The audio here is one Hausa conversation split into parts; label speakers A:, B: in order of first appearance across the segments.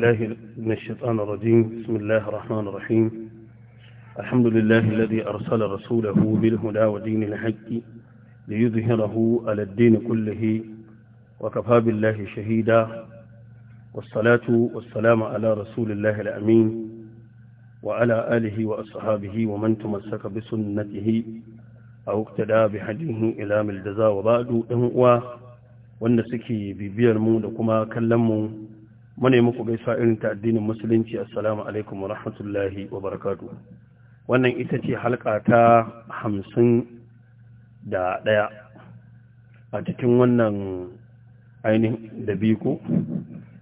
A: بالله من الشيطان الرجيم بسم الله الرحمن الرحيم الحمد لله الذي أرسل رسوله بالهدى ودين الحق ليظهره على الدين كله وكفى بالله شهيدا والصلاة والسلام على رسول الله الأمين وعلى آله وأصحابه ومن تمسك بسنته أو اقتدى بحديه إلى ملجزا وبعد أهواء وأن سكي ببير لكما كلموا mune muku gaisa irin ta addinin musulunci assalamu alaikum wa rahmatullahi wa barakatu wannan ita ce halka ta hamsin da ɗaya a cikin wannan ainihin da biyu ko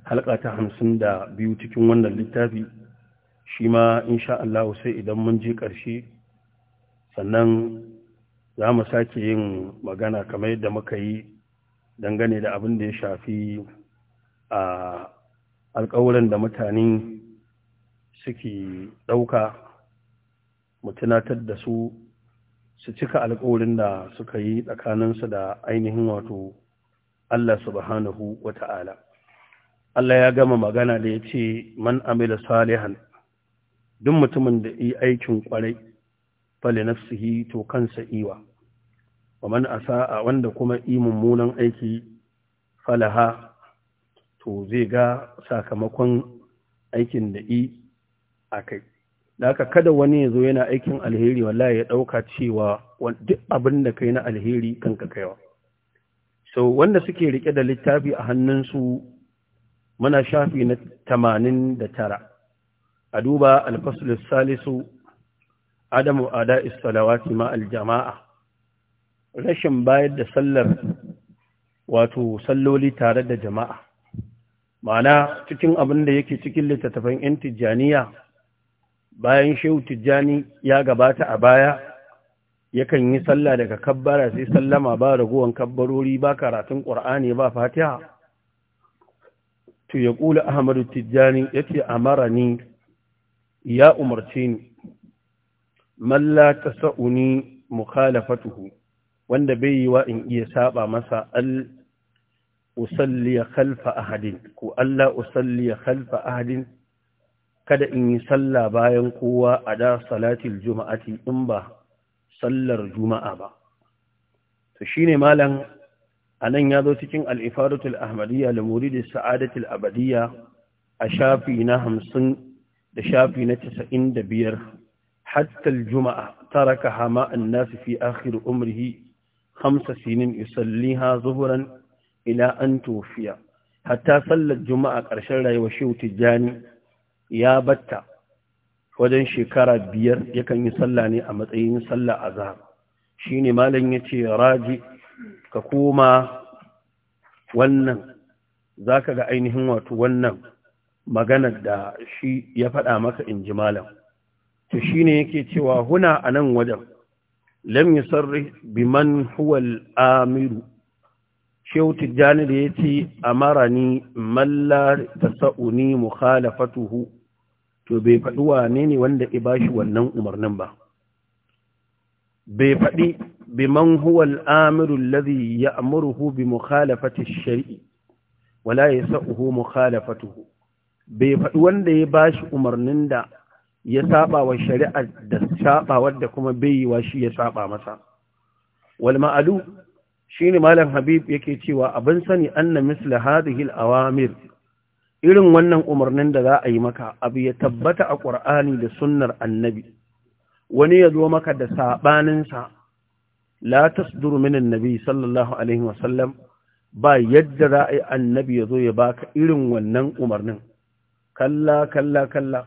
A: halka ta hamsin da biyu cikin wannan littafi shi ma insha Allah sai idan mun je ƙarshe sannan za mu sake yin magana kamar yadda muka yi dangane da abin da ya shafi a ah, alƙawuran da mutane suke ɗauka mu tunatar da su su cika alƙawarin da suka yi tsakaninsu da ainihin wato Allah subhanahu wa ta'ala. Allah ya gama magana da ya ce, Man amila salihan, duk mutumin da yi aikin ƙwarai, fali nafsihi to kansa iwa, wa man asa'a wanda kuma yi mummunan aiki falaha to zai ga sakamakon aikin da i a kai haka kada wani ya zo yana aikin alheri wallahi ya ɗauka cewa duk abin da kai na alheri kanka kaiwa so wanda suke riƙe da littafi a hannunsu muna shafi na tamanin da tara a duba alfasul salisu adamu ada istalawati ma aljama'a rashin bayar da sallar wato salloli tare da jama'a ma'ana cikin abin da yake cikin littattafan 'yan tijjaniya bayan shehu tijjani ya gabata a baya yakan yi sallah daga kabbara sai sallama ba raguwan kabbarori ba karatun ƙur'ani ba fatiha to ya ƙula ahmadu tijjani ya ce mara ni ya umarce ni malla ta sa'uni mukhalafatuhu wanda bai yi wa in iya saba masa al usalli khalfa ahadin ko Allah usalli khalfa ahadin kada in yi sallah bayan kowa a da salatil juma'ati in ba sallar juma'a ba to shine malam anan ya zo cikin al-ifadatul ahmadiyya li muridis sa'adatul abadiyya a shafi na 50 da shafi na 95 hatta al-juma'a taraka hama an-nas fi akhir umrihi خمس سنين يصليها ظهرا ila an tofiya hatta sallar juma'a ƙarshen rayuwar shehu tijjani ya batta wajen shekara biyar yakan yi sallah ne a matsayin sallah a zahar shi ne malin ya ce raji ka koma wannan za ka ga ainihin wato wannan maganar da shi ya faɗa maka in ji malam to shi ne yake cewa huna a nan wajen lam yi sarri biman huwal amiru shehu tijjani da ya ce a mara ni mallar ta sa'uni mukhalafatuhu to bai faɗi wa ne wanda ya ba shi wannan umarnin ba bai faɗi bi man huwa al'amiru lazi ya amurhu bi mukhalafati shari'i wala ya sa'uhu mukhalafatuhu bai faɗi wanda ya ba shi umarnin da ya saba wa shari'ar da saba wadda kuma bai yi wa shi ya saba masa wal ma'alu shine malam habib yake cewa abin sani anna misla hadhihi awamir irin wannan umarnin da za a yi maka abu ya tabbata a ƙur'ani da sunnar annabi wani ya zo maka da saɓaninsa la tasduru min sallallahu alaihi wasallam ba yadda za a yi annabi ya zo ya baka irin wannan umarnin kalla kalla kalla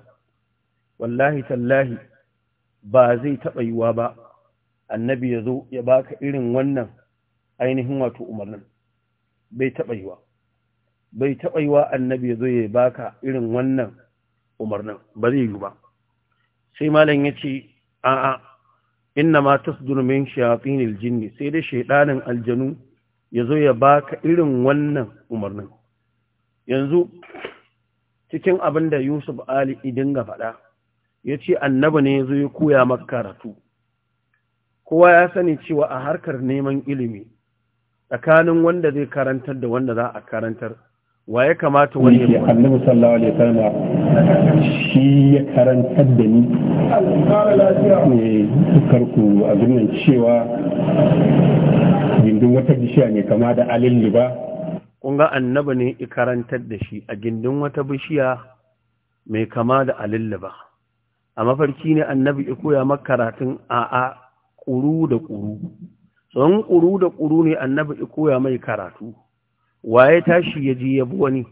A: wallahi tallahi ba zai taɓa yiwa ba annabi ya zo ya baka irin wannan ainihin wato umarnin bai taɓa yiwa bai taɓa yiwa annabi ya zo ya baka irin wannan umarnin ba zai yi ba sai malam ya ce a'a inna ma tasdur min shayatinil jinni sai dai shaydanin aljanu ya zo ya baka irin wannan umarnin yanzu cikin abinda Yusuf Ali idin ga faɗa ya ce annabi ne ya ya koya maka karatu kowa ya sani cewa a harkar neman ilimi tsakanin wanda zai karantar da wanda za a karantar wa ya kamata wani ya annabi sallallahu ya
B: wasallam shi ya karantar da ni ne eh, ku a zunan cewa gindin wata bishiya ne kama da alin liba
A: kun ga ne ya karantar da shi a gindin wata bishiya mai kama da alin liba a mafarki ne annabi ya koya makaratun karatun a'a ƙuru da ƙuru tsohon ƙuru da ƙuru ne annabi ya koya mai karatu wa ya tashi ya je ya bi wani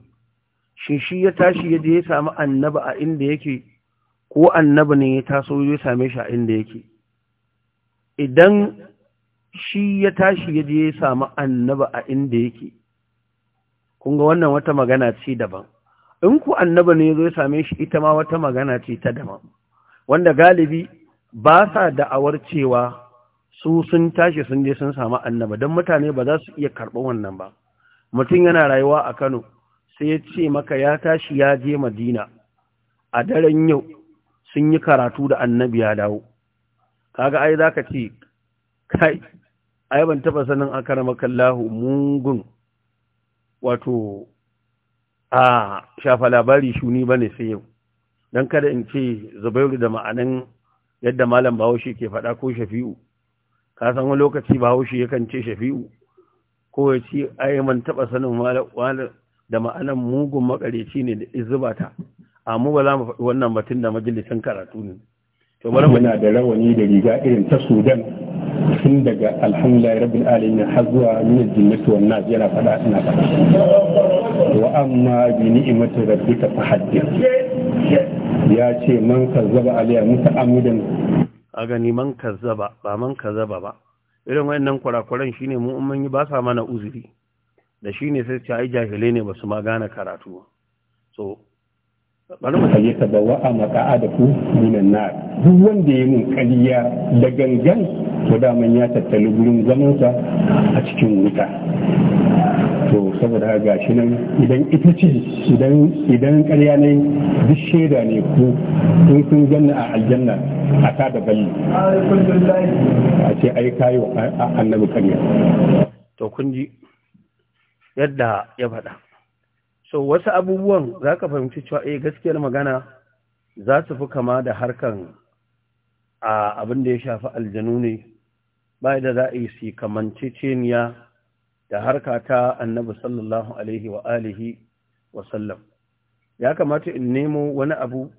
A: shin shi ya tashi ya je ya sami annabi a inda yake ko annabi ne ya taso ya same shi a inda yake idan shi ya tashi ya je ya sami annabi a inda yake kun ga wannan wata magana ce daban in ku annabi ne ya zo ya same shi ita ma wata magana ce ta daban wanda galibi ba sa da'awar cewa su sun tashi sun je sun samu annaba don mutane ba za su iya karɓar wannan ba mutum yana rayuwa a kano sai ya ce maka ya tashi ya je madina a daren yau sun yi karatu da annabi ya dawo kaga ai za ka ce kai ai ban taɓa sanin an kara makallahu mungun wato a shafa labari shuni ba ne sai yau don kada in ce zubairu da ma'anin yadda malam bawo shi ke faɗa ko shafi'u ka san wani lokaci bahaushe yakan ce shafi'u ko ya ce ai man taba sanin wala da ma'anan mugun makareci ne da izubata amma ba za mu faɗi wannan batun da majalisin karatu ne
B: to bari muna da rawani da riga irin ta Sudan tun daga alhamdulillah rabbil alamin har zuwa min jinnati wa nas yana faɗa ina faɗa wa amma bi ni'mati rabbika fahaddith ya ce man kazzaba alayya muta'ammidan
A: a gani man kazzaba ba man kazzaba ba irin wayannan kurakuran shine mu mun yi ba sa mana uzuri da shine sai ce ai jahile ne ba su ma gane karatu so
B: bari mu haye ta bawa a ku minan na duk wanda ya mun kariya da gangan to man ya tattali gurin zamansa a cikin wuta to saboda haka gashi nan idan ita ce idan idan ƙarya ne duk shaida ne ku in kun ganna a aljanna a ta da balli a ce ai kayo annabi kariya
A: to kun ji yadda ya faɗa so wasu abubuwan za ka fahimci cewa eh gaskiyar magana za su fi kama da harkan a abin da ya shafi aljanu ne ba da za a yi su ceniya da harka ta annabi sallallahu alaihi wa alihi wa sallam ya kamata in nemo wani abu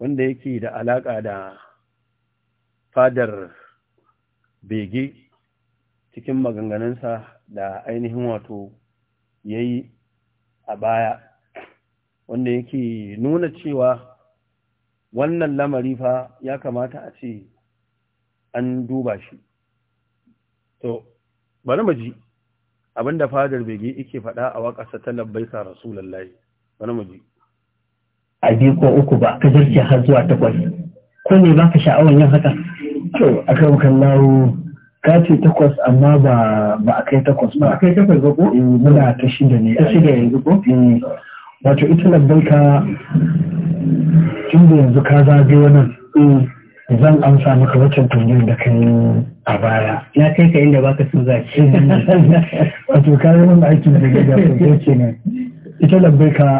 A: wanda yake da alaƙa da fadar bege cikin maganganunsa da ainihin wato ya yi a baya wanda yake nuna cewa wannan lamari fa ya kamata a ce an duba shi to bari mu ji abinda fadar bege yake faɗa a waƙarsa ta labbaika rasulullahi bari mu ji
C: a biyu ko uku ba ka zarce har zuwa takwas ko me baka sha'awar yin haka kyau a kan kallawo ka ce takwas amma ba a kai takwas ba a kai takwas ba ko eh, muna ta shida ne ta shida yanzu ko eh. wato ita labbaika tun da yanzu ka zagayo nan eh. zan amsa maka waccan tunjin da kai a baya na kai ka inda baka so za ki wato ka yi wani aikin da ya gaza ko kenan ita ka.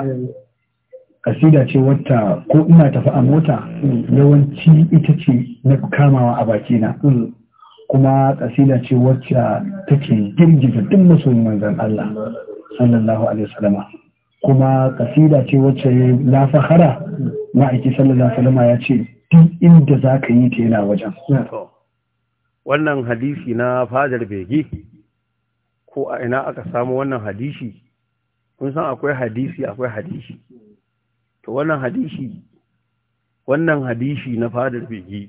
C: kasida ce wata ko ina tafi a mota yawanci ita ce na kamawa a bakina kuma kasida ce wacce take girgiza duk masoyin manzan Allah sallallahu alaihi wasallama kuma kasida ce wacce la fahara ma'aiki sallallahu alaihi wasallama ya ce duk inda za ka yi ta yana wajen
A: wannan hadisi na fadar bege ko a ina aka samu wannan hadisi kun san akwai hadisi akwai hadisi to wannan hadisi wannan hadisi na fadar bigi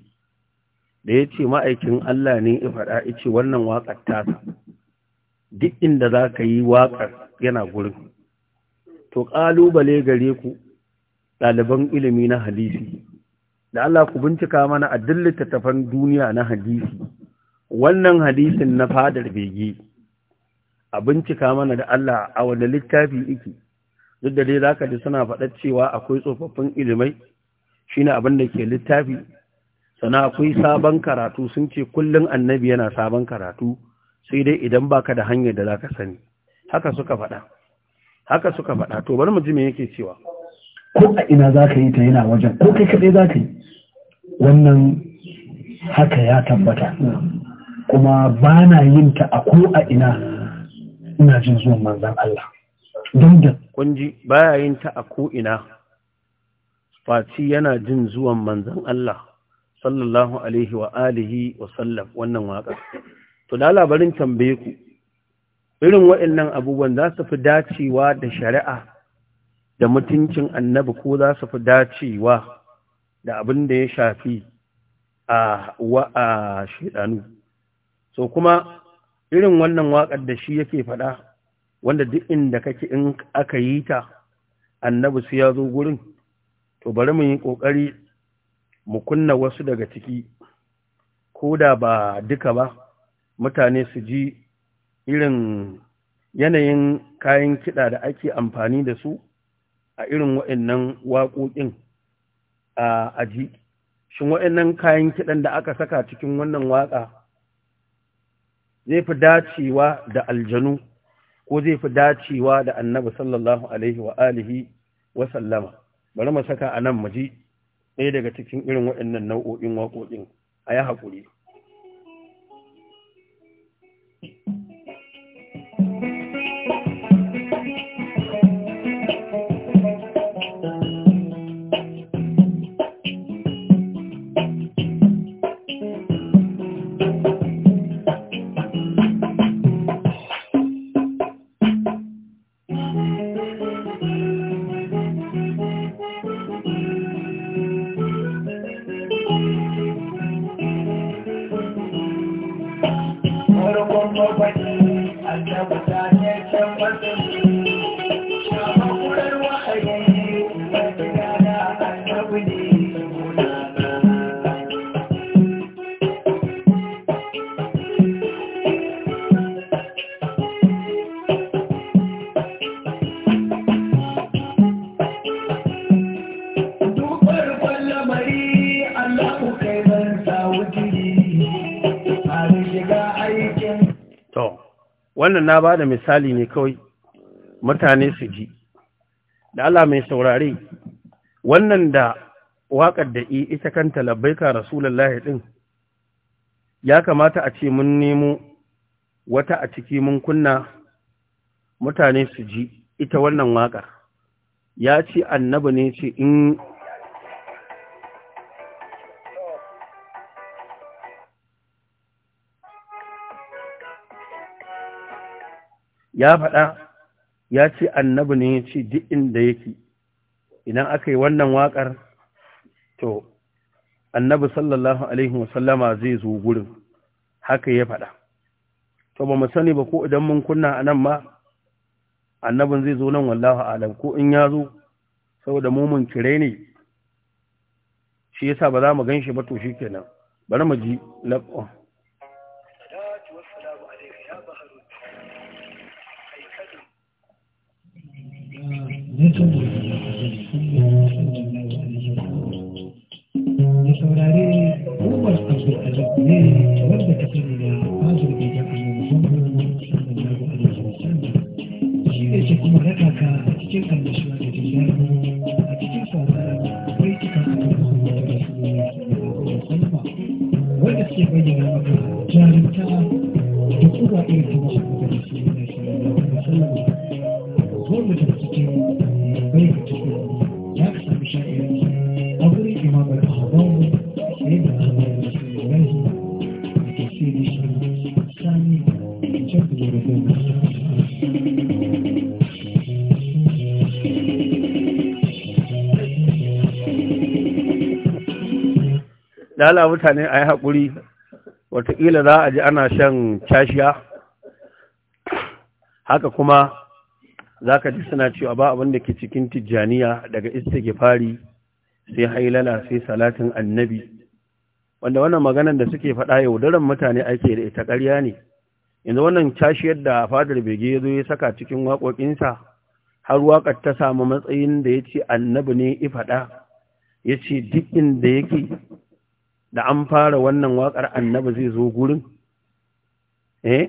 A: da ya ce ma'aikin Allah ne ya faɗa ya ce wannan waƙar tasa duk inda za ka yi waƙar yana gurin to ƙalubale gare ku ɗaliban ilimi na hadisi da Allah ku bincika mana a duk littattafan duniya na hadisi wannan hadisin na fadar bege a bincika mana da Allah a wanda littafi iki duk da dai zaka ji suna faɗa cewa akwai tsofaffin ilimai Shi shine abin da ke littafi sana akwai sabon karatu sun ce kullum annabi yana sabon karatu sai dai idan baka da hanyar da zaka sani haka suka faɗa haka suka faɗa to bari mu ji me yake cewa ko
C: a ina zaka yi ta yana wajen ko kai za zaka yi wannan haka ya tabbata kuma ba na yin ta a ko a ina
A: ina jin zuwan manzan Allah kunji baya yin ta a ko'ina Fati yana jin zuwan manzan Allah sallallahu alaihi wa alihi wa sallam wannan waƙa to da labarin tambaye ku irin waɗannan abubuwan za su fi dacewa da shari'a da mutuncin annabi ko za su fi dacewa da abin da ya shafi a wa'a shidanu so kuma irin wannan waƙar da shi yake faɗa wanda duk inda kake in aka yi ta annabi su ya zo gurin to bari mu yi ƙoƙari mu kunna wasu daga ciki ko da ba duka ba mutane su ji irin yanayin kayan kiɗa da ake amfani da su a irin waɗannan waƙoƙin a aji shin waɗannan kayan kiɗan da aka saka cikin wannan waƙa zai fi dacewa da aljanu ko zai fi dacewa da annabi sallallahu alaihi wa alihi wa sallama bari mu saka a nan ji ɗaya daga cikin irin waɗannan nau'o'in waƙoƙin a yi haƙuri to wannan na ba da misali ne kawai mutane su ji da Allah mai saurare wannan da waƙar da ita kanta labbaika rasulullahi din ya kamata a ce mun nemo wata a ciki mun kunna mutane su ji ita wannan waƙar ya ce annabi ne ce in ya faɗa ya ce annabi ne ya ce duk inda yake idan aka yi wannan waƙar to annabi sallallahu alaihi wasallama zai zo gurin haka ya faɗa to ba mu sani ba ko idan mun kunna a nan ma annabin zai zo nan wallahu alam ko in ya zo saboda mun kire ne shi yasa ba za mu ganshi shi ba to shi kenan bari mu ji laƙon dala mutane a yi haƙuri watakila za a ji ana shan cashiya haka kuma za ka ji suna cewa ba abin da ke cikin tijjaniya daga fari sai hailala sai salatin annabi wanda wannan maganar da suke faɗa daren mutane ake da ita ƙarya ne yanzu wannan cashiyar da fadar bege ya zo ya saka cikin waƙoƙinsa har waƙar ta samu matsayin da ya ce annabi ne faɗa, ya ce duk inda yake da an fara wannan wakar annaba zai zo gurin eh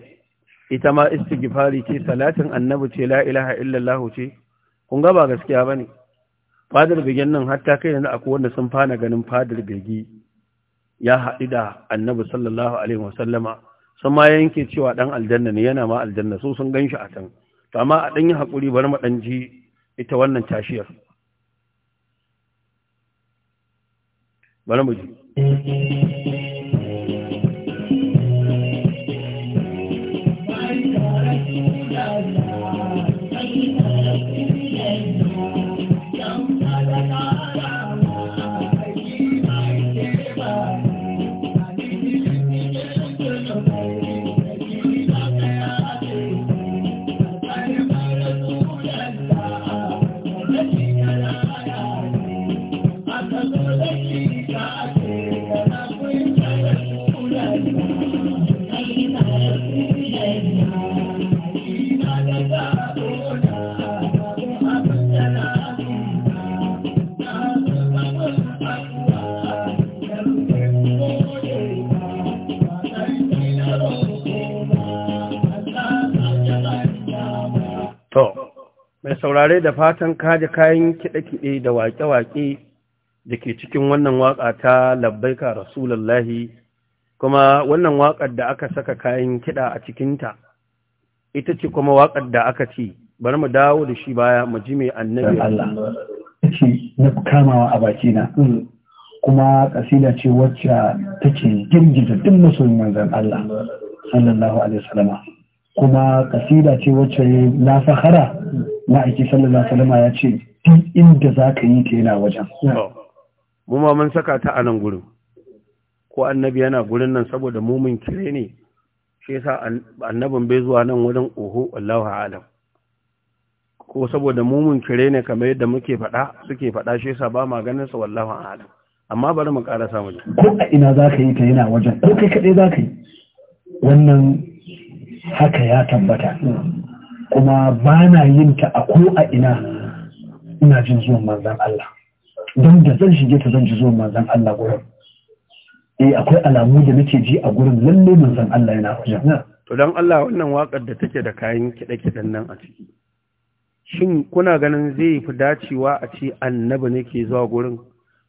A: ita ma istighfari ce salatin annabi ce la ilaha illallah ce kun ga ba gaskiya bane fadar begen nan hatta kai yanzu akwai wanda sun fana ganin fadar begi ya haɗu da annabi sallallahu alaihi wasallama sun ma yanke cewa dan aljanna ne yana ma aljanna so sun ganshi a can to amma a dan yi hakuri bari mu dan ji ita wannan tashiyar bari mu ji Thank you. mai saurare da fatan kaji kayan kiɗe-kiɗe da waƙe-waƙe da ke cikin wannan waƙa ta labbaika rasulallahi kuma wannan waƙar da aka saka kayan kiɗa a cikinta ita ce kuma waƙar da aka ce bari mu dawo da shi baya mu ji mai annabi Allah
C: shi na kamawa a bakina mm, kuma kasida ce wacce take girgiza duk masoyin manzon Allah sallallahu alaihi wasallama kuma kasida ce wacce na fahara ma'aiki sallallahu alaihi wasallam ya ce duk inda zaka yi ta yana wajen
A: mu ma mun saka ta a nan gurin ko annabi yana gurin nan saboda mun kire ne shi yasa annabin bai zuwa nan wurin oho wallahu alam ko saboda mun kire ne kamar yadda muke faɗa suke faɗa shi yasa ba ma ganin sa wallahu alam amma bari mu karasa mu
C: ko a ina zaka yi ta yana wajen ko kai kadai zaka yi wannan haka ya tabbata kuma ba na yin ta a ko a ina ina jin zuwan manzan Allah don da zan shige ta zan ji zuwan manzan Allah gurin eh akwai alamu da nake ji a gurin lalle manzan Allah yana wajen
A: to don Allah wannan wakar da take da kayan kiɗe-kiɗen nan a ciki shin kuna ganin zai fi dacewa a ce annabi ne ke zuwa gurin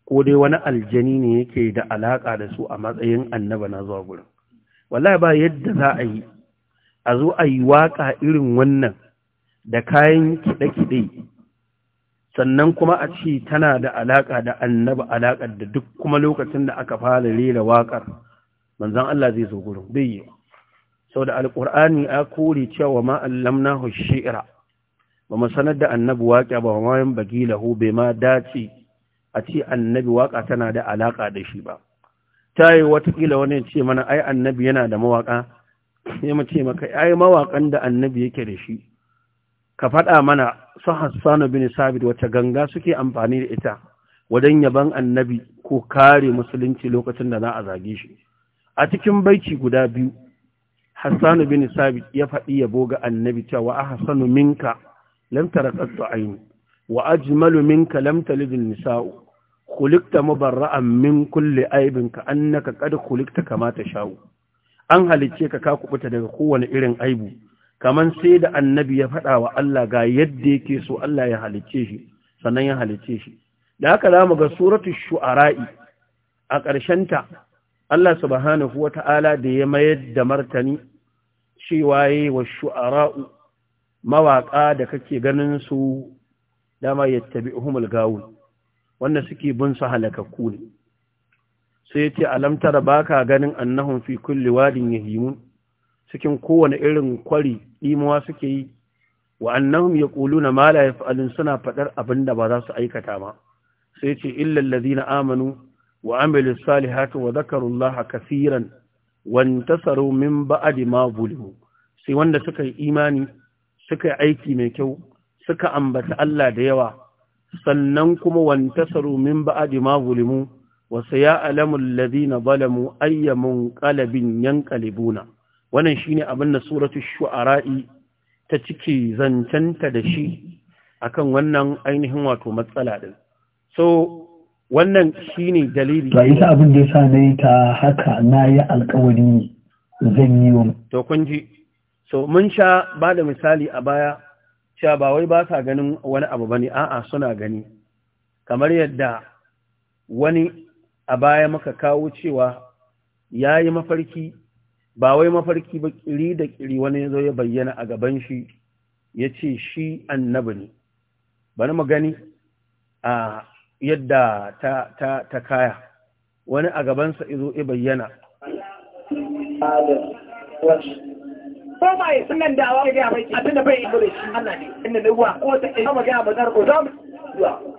A: ko dai wani aljani ne yake da alaka da su a matsayin annaba na zuwa gurin wallahi ba yadda za a yi a zo a yi waƙa irin wannan da kayan kiɗe-kiɗe sannan kuma a ce tana da alaƙa da annaba alaƙa da duk kuma lokacin da aka fara rera waƙar manzan Allah zai zo gurin bai yi sau da alƙur'ani a kori cewa ma'allamna hushe'ira ba mu sanar da annabi waƙa ba ma yin bagi lahu bai ma dace a ce annabi waƙa tana da alaƙa da shi ba ta yi watakila wani ce mana ai annabi yana da mawaƙa sai mu maka ai mawakan da annabi yake da shi ka faɗa mana su Hassan bin Sabit wacce ganga suke amfani da ita wajen yaban annabi ko kare musulunci lokacin da za a zage shi a cikin baiti guda biyu Hassan bin Sabit ya faɗi yabo ga annabi cewa wa Hassanu minka lam tarakattu aini wa ajmalu minka lam talidul nisa'u khuliqta mubarra'an min kulli aibin ka annaka qad khuliqta kama tasha'u an halicce ka ka kubuta daga kowane irin aibu kaman sai da annabi ya faɗa wa Allah ga yadda yake so Allah ya halicce shi sannan ya halicce shi da haka zamu ga Suratu shu'ara'i a ƙarshen ta Allah subhanahu wata'ala da ya mayar da martani cewa yi wa shu'ara'u mawaka da kake ganin su dama yattabi'uhumul gawun wanda suke bin su halakakku ne sai ya ce alamtara ba ganin annahun fi kulli wadin ya himun cikin kowane irin kwari ɗimawa suke yi wa annahum ya ƙulu na mala suna faɗar abin da ba za su aikata ba sai ce illallazi na amanu wa amilu salihatu wa zakarullaha kasiran wantasaru min ba'adi ma bulimu sai wanda suka yi imani suka yi aiki mai kyau suka ambata Allah da yawa sannan kuma wantasaru min ba'adi ma bulimu wasu ya alamun lalzina balamu ayyamun kalabin yan kalibuna wannan shi ne abin da suratu shu'ara'i ta ciki zancanta da shi akan wannan ainihin wato matsala ɗin so wannan shi ne dalili ba ita abin
C: da ya sa na yi ta haka na yi alkawari zan yi wa
A: to kun ji so mun sha ba da misali a baya cewa ba wai ba sa ganin wani abu ba ne a'a suna gani kamar yadda wani a baya muka kawo cewa ya yi mafarki ba wai mafarki ba kiri da kiri wani ya zo ya bayyana a gaban shi ya ce shi annabi ne bari mu gani a yadda ta, ta, ta kaya wani a gabansa izo ya bayyana
D: ko ya yi sunan da awa ga bai a da bai ibure shi Allah ne inda ne wa ko ta ina magana bazar ko dom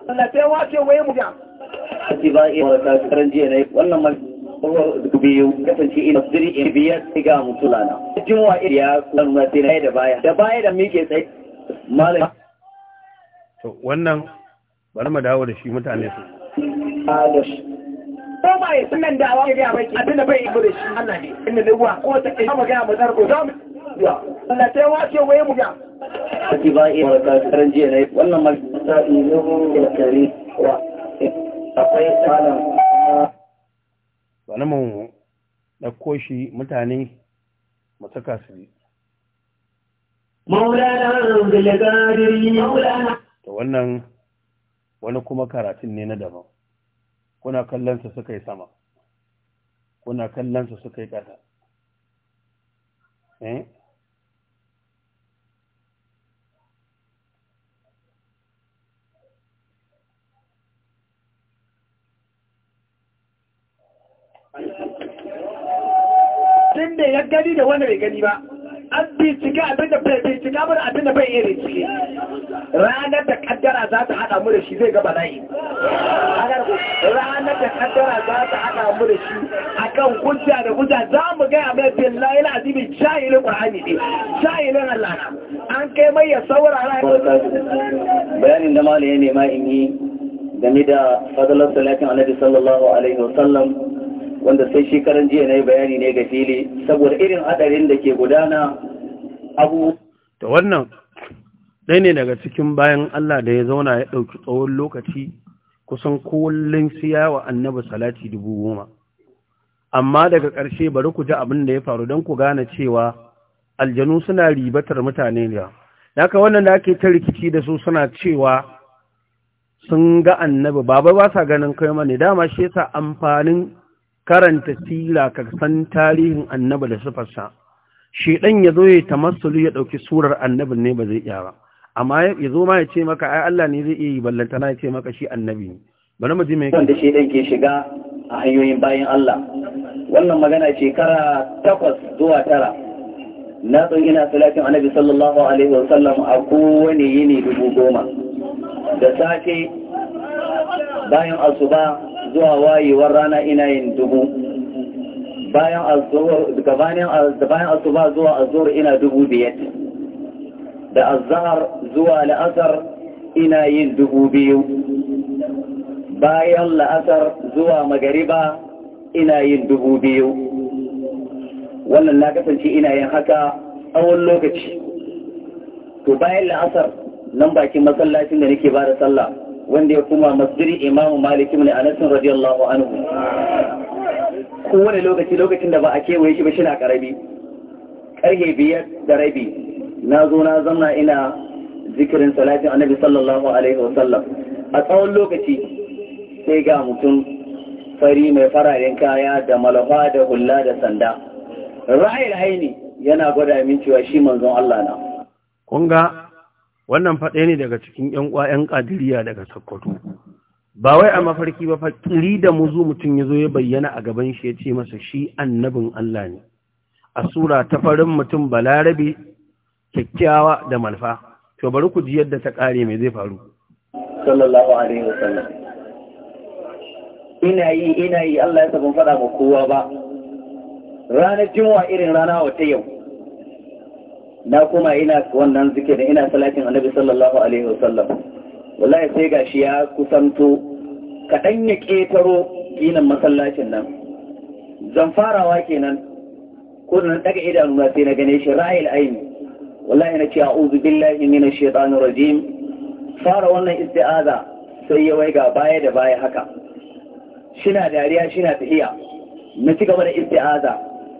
D: Allah sai wace waye mu ga atiba'i wa karan jiya ne wannan mal biyu kasance ina zuri in biyar ga mutulana jumu'a iriya kan mace na da baya da baya da muke tsaye
A: malam to wannan bari mu dawo da shi mutane su
D: ko ba ya sunan da awa ga baki abinda bai yi da shi Allah ne inda da uwa ko ta kama ga mu zarko za mu Allah sai ce waye mu ga atiba'i wa karan jiya ne wannan ne sa'ilu ya yi wa akwai
B: wani mu ɗauko
A: shi mutane masu kasu su yi da wannan wani kuma karatun ne na daban kuna kallonsa suka yi sama kuna kallonsa suka yi ƙasa eh
D: abin da ya gani da wanda bai gani ba an bincika abin da bai bincika mana abin da bai iya bincike ranar da kaddara za ta haɗa mu da shi zai gaba layi ranar da kaddara za ta haɗa mu da shi akan hujja da hujja za mu gaya mai billahi azibi jahilin qur'ani ne jahilin Allah na an kai mai ya saura bayanin da malai ne nema in yi game da fadalar salatin annabi sallallahu alaihi wasallam wanda sai shekaran jiya na yi bayani ne ga fili saboda irin hadarin da ke gudana abu
A: da wannan ɗaya ne daga cikin bayan Allah da ya zauna ya ɗauki tsawon lokaci kusan kullum siya wa annabi salati dubu goma amma daga ƙarshe bari ku ji abin da ya faru don ku gane cewa aljanu suna ribatar mutane ne haka wannan da ake ta rikici da su suna cewa sun ga annabi baba ba sa ganin kai mane dama shi yasa amfanin karanta sila ka san tarihin annabi da sifarsa shedan ya zo ya tamassulu ya dauki surar Annabi ne ba zai iya ba amma ya zo ma ya ce maka ai Allah ne zai iya yi na ya ce maka shi annabi ne bari mu ji me shi
D: dan ke shiga a hanyoyin bayan Allah wannan magana shekara takwas zuwa tara na tsun ina salatin annabi sallallahu alaihi wa sallam, a kowane yini dubu goma da safe bayan asuba zuwa wayewar rana ina yin dubu bayan asuba zuwa azur ina dubu biyar da azhar zuwa la'asar ina yin dubu biyu bayan la'asar zuwa magariba ina yin dubu biyu wannan na kasance ina yin haka awon lokaci to bayan la'asar nan bakin masallacin da nake ba da sallah wanda ya kuma masjiri imamu malik a nasin radiyallahu anhu kowane lokaci lokacin da ba a kewaye shi ba shi na karabi karhe biyar da rabi na zo na zamna ina zikirin salatin annabi sallallahu alaihi wasallam a tsawon lokaci sai ga mutum fari mai fararen kaya da malafa da hula da sanda ra'ayin haini yana gwada min cewa shi manzon Allah na
A: kun wannan faɗa ne daga cikin ‘yan ƙwa'yan ƙadiriya daga sakkwato ba wai a mafarki ba ƙiri da muzu mutum ya zo ya bayyana a gaban shi ya ce masa shi annabin Allah ne a sura ta farin mutum balarabe kyakkyawa da malfa to bari ku ji yadda ta ƙare mai zai faru
D: sallallahu alaihi wasallam ina yi ina yi Allah ya sabon faɗa ba kowa ba ranar jumu'a irin rana wata yau na kuma ina wannan zikirin ina salatin annabi sallallahu alaihi wasallam wallahi sai gashi ya kusanto kaɗan ya ƙetaro ginin masallacin nan zan farawa kenan ko da na daga na sai na gane shi ra'ayil ayin wallahi na ce a'udhu billahi minash shaitanir rajim fara wannan isti'aza sai ya waiga baya da baya haka shina dariya shina tahiya na ci gaba da isti'aza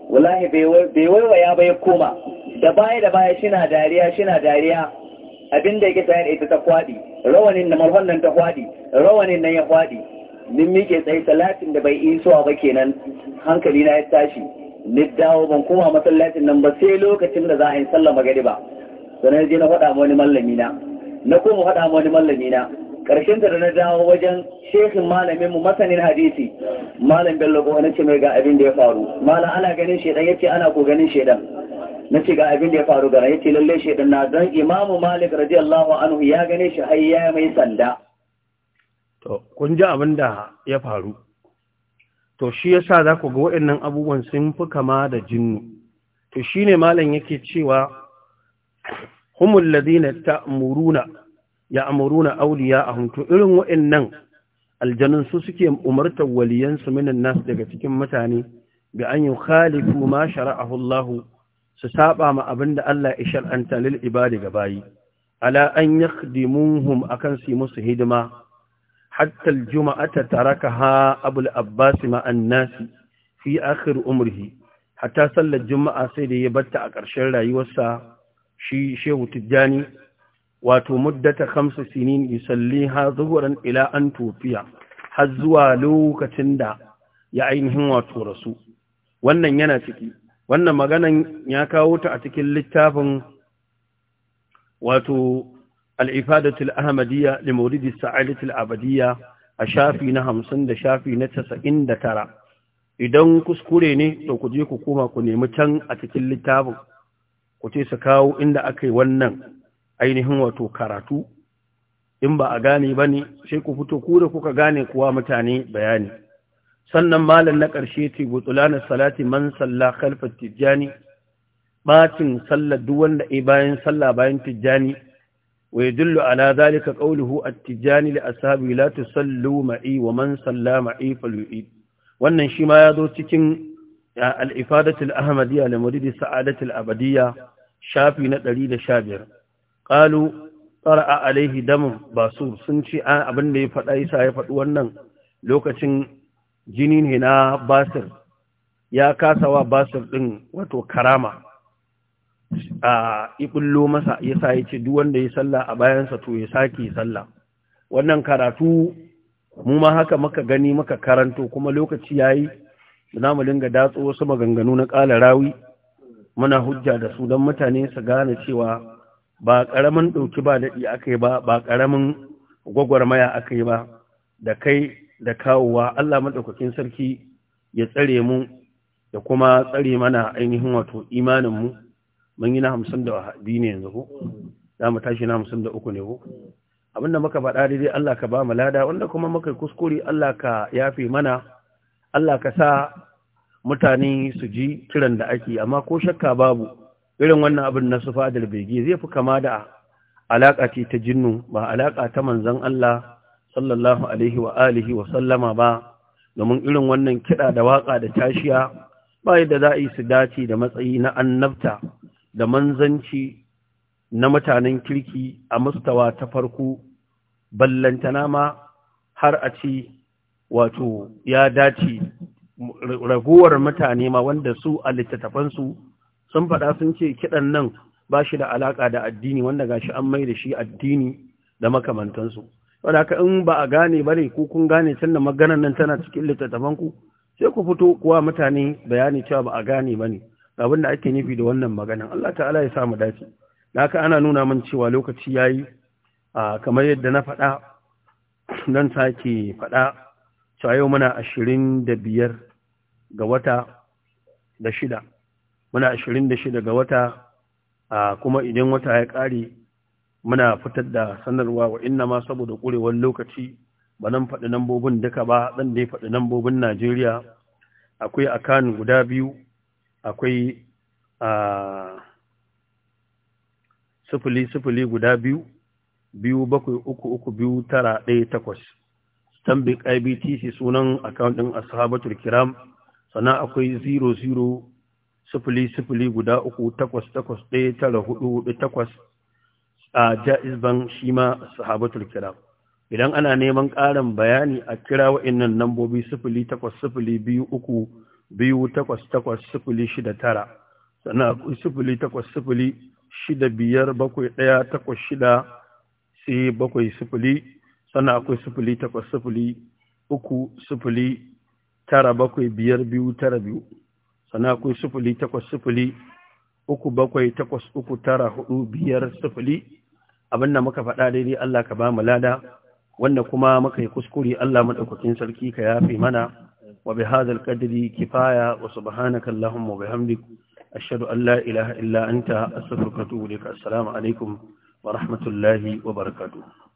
D: wallahi bai waiwaya ba ya koma da baya da baya shina dariya shina dariya abinda yake tayar ita ta kwadi rawanin da marhon nan ta kwadi rawanin nan ya kwadi nin mike tsaye salatin da bai isuwa ba kenan hankali na ya tashi ni dawo ban koma masallacin nan ba sai lokacin da za a yi sallar magariba sannan je na faɗa ma wani mallami na na koma faɗa ma wani mallami na karshen da na dawo wajen shehin malamin mu masanin hadisi malam bello ko wani ce mai ga abin da ya faru malam ana ganin shedan yake ana ko ganin shedan na ce ga abin da ya faru gara yace lalle shi na dan imamu malik radiyallahu anhu ya gane shi har ya mai sanda
A: to kun ji abin da ya faru to shi yasa za ku ga waɗannan abubuwan sun fi kama da jinnu to shine malam yake cewa humul ladina ta'muruna ya'muruna a to irin waɗannan aljanun su suke umartar waliyansu minan nas daga cikin mutane bi an khalifu ma shara'ahu Allahu su saba ma abin da Allah ya shar'anta lil ibadi ga bayi ala an yakhdimuhum akan su musu hidima hatta aljuma'ata tarakaha abul abbas ma annas fi akhir umrihi hatta sallar juma'a sai da ya batta a ƙarshen rayuwarsa shi shehu tijjani wato muddata khamsu sinin ha zuhuran ila an tufiya har zuwa lokacin da ya ainihin wato rasu wannan yana ciki wannan maganan ya kawo ta a cikin littafin wato al'ifadatul ahmadiyya da maulidis sa'adatul abadiyya a shafi na hamsin da shafi na casa'in da tara idan kuskure ne to ku je ku koma ku nemi can a cikin littafin ku ce su kawo inda aka yi wannan ainihin wato karatu in ba a gane ba ne sai ku fito ku da kuka gane kuwa mutane bayani sannan malam na ƙarshe ce butulanin salati man sallah, kalfar tijjani ɓacin sallar duk wanda bayan salla bayan tijjani wa dullu ala zalika ƙauluhu a tijjani da ashabi la tusallu ma'i wa man sallah, ma'i falu'i wannan shi ma ya zo cikin al-ifadatul ahmadiyya da muridi sa'adatul abadiyya shafi na ɗari da 115 qalu qara'a alaihi damun basur sun ce abin da ya faɗa isa ya faɗi wannan lokacin jini ne na basir ya kasa wa basir ɗin wato karama a ibullo masa ya sa ya ce duk wanda ya salla a bayansa to ya sake sallah wannan karatu mu ma haka maka gani maka karanto kuma lokaci yayi za mu dinga datso wasu maganganu na ƙala rawi muna hujja da su don mutane su gane cewa ba ƙaramin ɗauki ba daɗi aka yi ba ba ƙaramin gwagwarmaya aka yi ba da kai da kawowa Allah maɗaukakin sarki ya tsare mu da kuma tsare mana ainihin wato imaninmu mun yi na hamsin da biyu ne yanzu ko za mu tashi na hamsin da uku ne ko Abin da muka faɗa daidai Allah ka ba mu lada wanda kuma muka kuskure Allah ka yafe mana Allah ka sa mutane su ji kiran da ake amma ko shakka babu irin wannan abin na sufa da bege zai fi kama da alaƙa ce ta jinnu ba alaƙa ta manzon Allah sallallahu alaihi wa alihi wa sallama ba domin irin wannan kiɗa da waƙa da tashiya ba yadda za a yi su dace da matsayi na annabta da manzanci na mutanen kirki a mustawa ta farko ballantana ma har a ci wato ya dace raguwar mutane ma wanda su a littattafansu sun faɗa sun ce kiɗan nan ba shi da alaƙa da addini wanda gashi an mai da shi addini da makamantansu ka in ba a gane bane ko kun gane can da maganar nan tana cikin littattafan ku sai ku fito kuwa mutane bayani cewa ba a gane bane abin da ake nufi da wannan maganan Allah ta'ala ya samu dace da haka ana nuna min cewa lokaci yayi kamar yadda na faɗa nan sake faɗa cewa yau muna ashirin da biyar ga wata da shida muna ashirin da shida ga wata kuma idan wata ya ƙare muna fitar da sanarwa wa inna ma saboda ƙurewar lokaci ba nan faɗi nambobin duka ba zan ya faɗi nambobin Najeriya akwai a Kano guda biyu akwai a sifili sifili guda biyu biyu bakwai uku uku biyu tara ɗaya takwas Stanbic IBTC sunan akawun ɗin ashabatul kiram sannan akwai zero zero sifili sifili guda uku takwas takwas ɗaya tara hudu hudu takwas a ja'iz ban shi ma sahabatul kiram idan ana neman ƙarin bayani a kira wa'annan nambobi sifili takwas sifili biyu uku biyu takwas takwas sifili shida tara sannan akwai sifili takwas sifili shida biyar bakwai ɗaya takwas shida sai bakwai sifili sannan akwai sifili takwas sifili uku sifili tara bakwai biyar biyu tara biyu sannan akwai sifili takwas sifili uku bakwai takwas uku tara hudu biyar sifili abin da muka faɗa daidai Allah ka ba mu lada wanda kuma muka yi kuskure Allah maɗaukakin sarki ka yafe mana wa bi hadzal qadri kifaya wa subhanaka allahumma wa bihamdik ashhadu an la ilaha illa anta astaghfiruka wa atubu ilaik assalamu alaikum wa rahmatullahi wa barakatuh